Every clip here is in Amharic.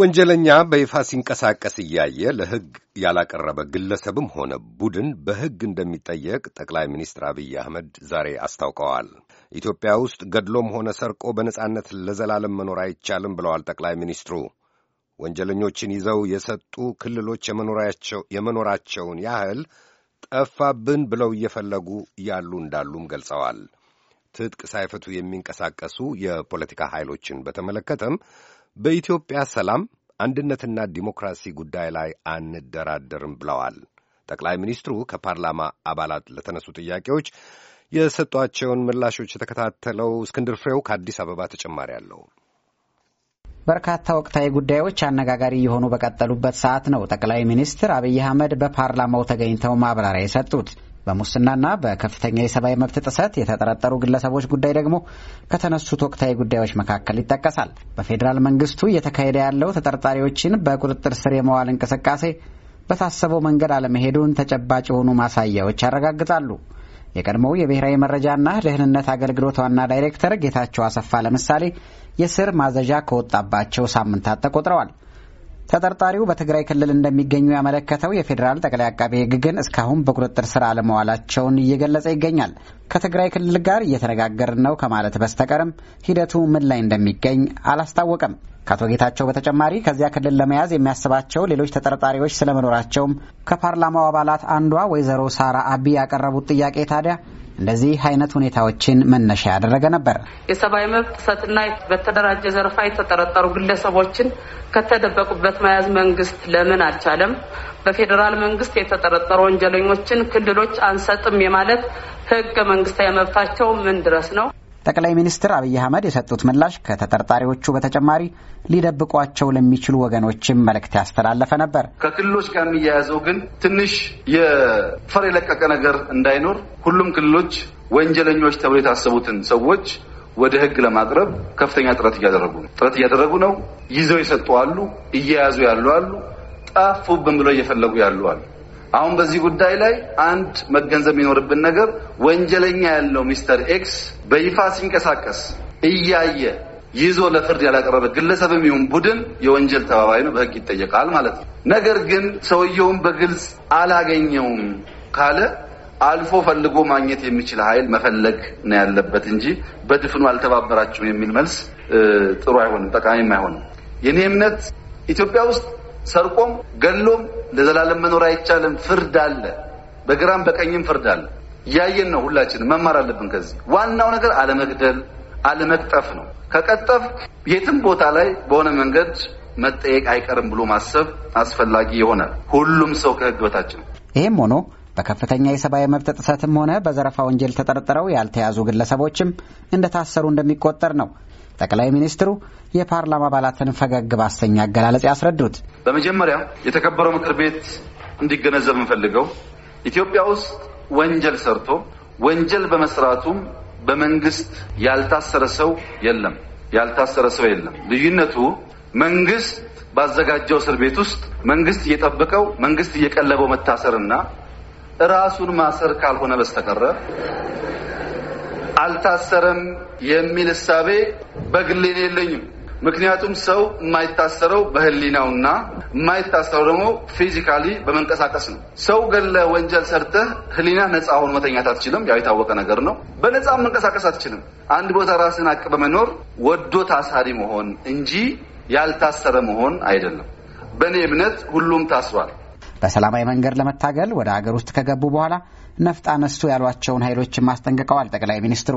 ወንጀለኛ በይፋ ሲንቀሳቀስ እያየ ለሕግ ያላቀረበ ግለሰብም ሆነ ቡድን በሕግ እንደሚጠየቅ ጠቅላይ ሚኒስትር አብይ አህመድ ዛሬ አስታውቀዋል። ኢትዮጵያ ውስጥ ገድሎም ሆነ ሰርቆ በነጻነት ለዘላለም መኖር አይቻልም ብለዋል ጠቅላይ ሚኒስትሩ። ወንጀለኞችን ይዘው የሰጡ ክልሎች የመኖራቸውን ያህል ጠፋብን ብለው እየፈለጉ ያሉ እንዳሉም ገልጸዋል። ትጥቅ ሳይፈቱ የሚንቀሳቀሱ የፖለቲካ ኃይሎችን በተመለከተም በኢትዮጵያ ሰላም አንድነትና ዲሞክራሲ ጉዳይ ላይ አንደራደርም ብለዋል። ጠቅላይ ሚኒስትሩ ከፓርላማ አባላት ለተነሱ ጥያቄዎች የሰጧቸውን ምላሾች የተከታተለው እስክንድር ፍሬው ከአዲስ አበባ ተጨማሪ አለው። በርካታ ወቅታዊ ጉዳዮች አነጋጋሪ የሆኑ በቀጠሉበት ሰዓት ነው ጠቅላይ ሚኒስትር አብይ አህመድ በፓርላማው ተገኝተው ማብራሪያ የሰጡት። በሙስናና በከፍተኛ የሰብአዊ መብት ጥሰት የተጠረጠሩ ግለሰቦች ጉዳይ ደግሞ ከተነሱት ወቅታዊ ጉዳዮች መካከል ይጠቀሳል። በፌዴራል መንግስቱ እየተካሄደ ያለው ተጠርጣሪዎችን በቁጥጥር ስር የመዋል እንቅስቃሴ በታሰበው መንገድ አለመሄዱን ተጨባጭ የሆኑ ማሳያዎች ያረጋግጣሉ። የቀድሞው የብሔራዊ መረጃና ደህንነት አገልግሎት ዋና ዳይሬክተር ጌታቸው አሰፋ ለምሳሌ የስር ማዘዣ ከወጣባቸው ሳምንታት ተቆጥረዋል። ተጠርጣሪው በትግራይ ክልል እንደሚገኙ ያመለከተው የፌዴራል ጠቅላይ አቃቤ ሕግ ግን እስካሁን በቁጥጥር ስር አለመዋላቸውን እየገለጸ ይገኛል። ከትግራይ ክልል ጋር እየተነጋገርን ነው ከማለት በስተቀርም ሂደቱ ምን ላይ እንደሚገኝ አላስታወቀም። ከአቶ ጌታቸው በተጨማሪ ከዚያ ክልል ለመያዝ የሚያስባቸው ሌሎች ተጠርጣሪዎች ስለመኖራቸውም ከፓርላማው አባላት አንዷ ወይዘሮ ሳራ አቢ ያቀረቡት ጥያቄ ታዲያ እንደዚህ አይነት ሁኔታዎችን መነሻ ያደረገ ነበር። የሰብአዊ መብት ጥሰትና በተደራጀ ዘርፋ የተጠረጠሩ ግለሰቦችን ከተደበቁበት መያዝ መንግስት ለምን አልቻለም? በፌዴራል መንግስት የተጠረጠሩ ወንጀለኞችን ክልሎች አንሰጥም የማለት ህገ መንግስታዊ መብታቸው ምን ድረስ ነው? ጠቅላይ ሚኒስትር አብይ አህመድ የሰጡት ምላሽ ከተጠርጣሪዎቹ በተጨማሪ ሊደብቋቸው ለሚችሉ ወገኖችም መልእክት ያስተላለፈ ነበር። ከክልሎች ጋር የሚያያዘው ግን ትንሽ የፈር የለቀቀ ነገር እንዳይኖር ሁሉም ክልሎች ወንጀለኞች ተብሎ የታሰቡትን ሰዎች ወደ ህግ ለማቅረብ ከፍተኛ ጥረት እያደረጉ ነው ጥረት እያደረጉ ነው። ይዘው የሰጡ አሉ፣ እየያዙ ያሉ አሉ፣ ጠፉብን ብለው እየፈለጉ ያሉ አሉ። አሁን በዚህ ጉዳይ ላይ አንድ መገንዘብ የሚኖርብን ነገር ወንጀለኛ ያለው ሚስተር ኤክስ በይፋ ሲንቀሳቀስ እያየ ይዞ ለፍርድ ያላቀረበ ግለሰብም ይሁን ቡድን የወንጀል ተባባሪ ነው፣ በህግ ይጠየቃል ማለት ነው። ነገር ግን ሰውየውን በግልጽ አላገኘውም ካለ አልፎ ፈልጎ ማግኘት የሚችል ኃይል መፈለግ ነው ያለበት እንጂ በድፍኑ አልተባበራችሁም የሚል መልስ ጥሩ አይሆንም፣ ጠቃሚም አይሆንም። የኔ እምነት ኢትዮጵያ ውስጥ ሰርቆም ገሎም ለዘላለም መኖር አይቻልም። ፍርድ አለ፣ በግራም በቀኝም ፍርድ አለ። እያየን ነው። ሁላችንም መማር አለብን ከዚህ። ዋናው ነገር አለመግደል፣ አለመቅጠፍ ነው። ከቀጠፍ የትም ቦታ ላይ በሆነ መንገድ መጠየቅ አይቀርም ብሎ ማሰብ አስፈላጊ ይሆናል። ሁሉም ሰው ከህግ በታች ነው። ይህም ሆኖ በከፍተኛ የሰብአዊ መብት ጥሰትም ሆነ በዘረፋ ወንጀል ተጠርጥረው ያልተያዙ ግለሰቦችም እንደታሰሩ እንደሚቆጠር ነው ጠቅላይ ሚኒስትሩ የፓርላማ አባላትን ፈገግ ባሰኝ አገላለጽ ያስረዱት። በመጀመሪያ የተከበረው ምክር ቤት እንዲገነዘብ የምፈልገው ኢትዮጵያ ውስጥ ወንጀል ሰርቶ ወንጀል በመስራቱም በመንግስት ያልታሰረ ሰው የለም፣ ያልታሰረ ሰው የለም። ልዩነቱ መንግስት ባዘጋጀው እስር ቤት ውስጥ መንግስት እየጠበቀው መንግስት እየቀለበው መታሰርና ራሱን ማሰር ካልሆነ በስተቀረ አልታሰረም የሚል እሳቤ በግሌን የለኝም። ምክንያቱም ሰው የማይታሰረው በህሊናውና የማይታሰረው ደግሞ ፊዚካሊ በመንቀሳቀስ ነው። ሰው ገለ ወንጀል ሰርተህ ህሊና ነፃ ሆኖ መተኛት አትችልም። ያው የታወቀ ነገር ነው። በነፃ መንቀሳቀስ አትችልም። አንድ ቦታ ራስን አቅ በመኖር ወዶ ታሳሪ መሆን እንጂ ያልታሰረ መሆን አይደለም። በእኔ እምነት ሁሉም ታስሯል። በሰላማዊ መንገድ ለመታገል ወደ አገር ውስጥ ከገቡ በኋላ ነፍጥ አነሱ ያሏቸውን ኃይሎችም አስጠንቅቀዋል ጠቅላይ ሚኒስትሩ።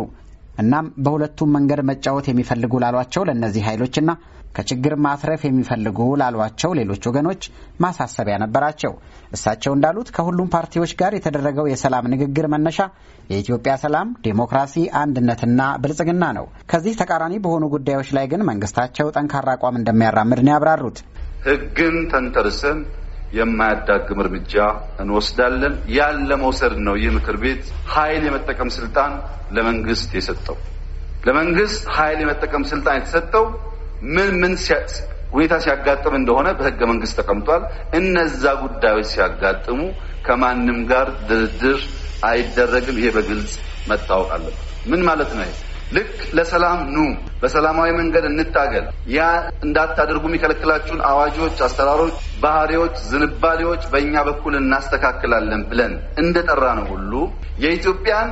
እናም በሁለቱም መንገድ መጫወት የሚፈልጉ ላሏቸው ለእነዚህ ኃይሎችና ከችግር ማትረፍ የሚፈልጉ ላሏቸው ሌሎች ወገኖች ማሳሰቢያ ነበራቸው። እሳቸው እንዳሉት ከሁሉም ፓርቲዎች ጋር የተደረገው የሰላም ንግግር መነሻ የኢትዮጵያ ሰላም፣ ዴሞክራሲ፣ አንድነትና ብልጽግና ነው። ከዚህ ተቃራኒ በሆኑ ጉዳዮች ላይ ግን መንግስታቸው ጠንካራ አቋም እንደሚያራምድ ነው ያብራሩት። ህግን ተንተርሰን የማያዳግም እርምጃ እንወስዳለን። ያን ለመውሰድ ነው ይህ ምክር ቤት ኃይል የመጠቀም ስልጣን ለመንግስት የሰጠው። ለመንግስት ኃይል የመጠቀም ስልጣን የተሰጠው ምን ምን ሁኔታ ሲያጋጥም እንደሆነ በህገ መንግስት ተቀምጧል። እነዛ ጉዳዮች ሲያጋጥሙ ከማንም ጋር ድርድር አይደረግም። ይሄ በግልጽ መታወቅ አለበት። ምን ማለት ነው? ልክ ለሰላም ኑ፣ በሰላማዊ መንገድ እንታገል፣ ያ እንዳታደርጉ የሚከለክላችሁን አዋጆች፣ አሰራሮች፣ ባህሪዎች፣ ዝንባሌዎች በእኛ በኩል እናስተካክላለን ብለን እንደጠራ ነው ሁሉ የኢትዮጵያን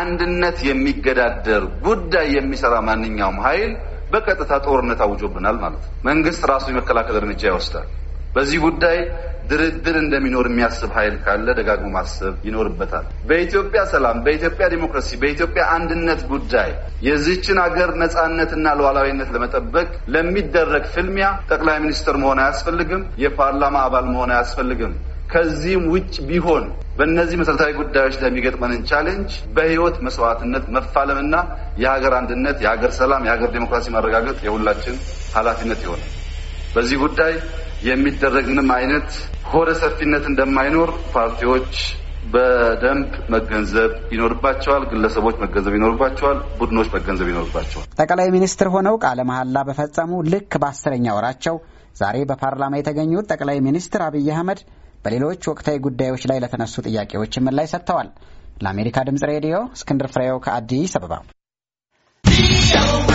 አንድነት የሚገዳደር ጉዳይ የሚሰራ ማንኛውም ኃይል በቀጥታ ጦርነት አውጆብናል ማለት ነው። መንግስት ራሱ የመከላከል እርምጃ ይወስዳል። በዚህ ጉዳይ ድርድር እንደሚኖር የሚያስብ ኃይል ካለ ደጋግሞ ማሰብ ይኖርበታል። በኢትዮጵያ ሰላም፣ በኢትዮጵያ ዲሞክራሲ፣ በኢትዮጵያ አንድነት ጉዳይ የዚችን አገር ነጻነትና ሉዓላዊነት ለመጠበቅ ለሚደረግ ፍልሚያ ጠቅላይ ሚኒስትር መሆን አያስፈልግም። የፓርላማ አባል መሆን አያስፈልግም። ከዚህም ውጭ ቢሆን በእነዚህ መሰረታዊ ጉዳዮች ለሚገጥመንን ቻሌንጅ በህይወት መስዋዕትነት መፋለምና የሀገር አንድነት፣ የሀገር ሰላም፣ የሀገር ዴሞክራሲ ማረጋገጥ የሁላችን ኃላፊነት ይሆናል። በዚህ ጉዳይ የሚደረግ ምንም አይነት ሆደ ሰፊነት እንደማይኖር ፓርቲዎች በደንብ መገንዘብ ይኖርባቸዋል። ግለሰቦች መገንዘብ ይኖርባቸዋል። ቡድኖች መገንዘብ ይኖርባቸዋል። ጠቅላይ ሚኒስትር ሆነው ቃለ መሐላ በፈጸሙ ልክ በአስረኛ ወራቸው ዛሬ በፓርላማ የተገኙት ጠቅላይ ሚኒስትር አብይ አህመድ በሌሎች ወቅታዊ ጉዳዮች ላይ ለተነሱ ጥያቄዎች ምላሽ ሰጥተዋል። ለአሜሪካ ድምጽ ሬዲዮ እስክንድር ፍሬው ከአዲስ አበባ